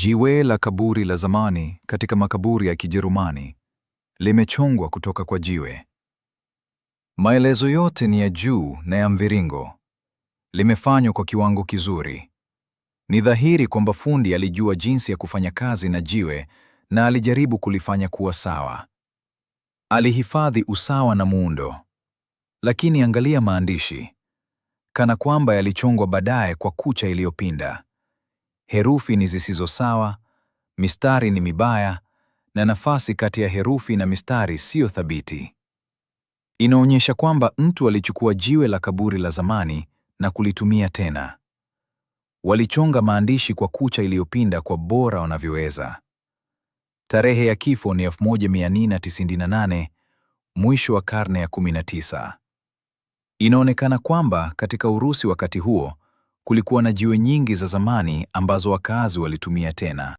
Jiwe la kaburi la zamani katika makaburi ya Kijerumani limechongwa kutoka kwa jiwe. Maelezo yote ni ya juu na ya mviringo. Limefanywa kwa kiwango kizuri. Ni dhahiri kwamba fundi alijua jinsi ya kufanya kazi na jiwe na alijaribu kulifanya kuwa sawa. Alihifadhi usawa na muundo. Lakini angalia maandishi, kana kwamba yalichongwa baadaye kwa kucha iliyopinda herufi ni zisizo sawa, mistari ni mibaya na nafasi kati ya herufi na mistari siyo thabiti. Inaonyesha kwamba mtu alichukua jiwe la kaburi la zamani na kulitumia tena. Walichonga maandishi kwa kucha iliyopinda kwa bora wanavyoweza. Tarehe ya kifo ni 1498, mwisho wa karne ya 19. Inaonekana kwamba katika Urusi wakati huo kulikuwa na jiwe nyingi za zamani ambazo wakaazi walitumia tena.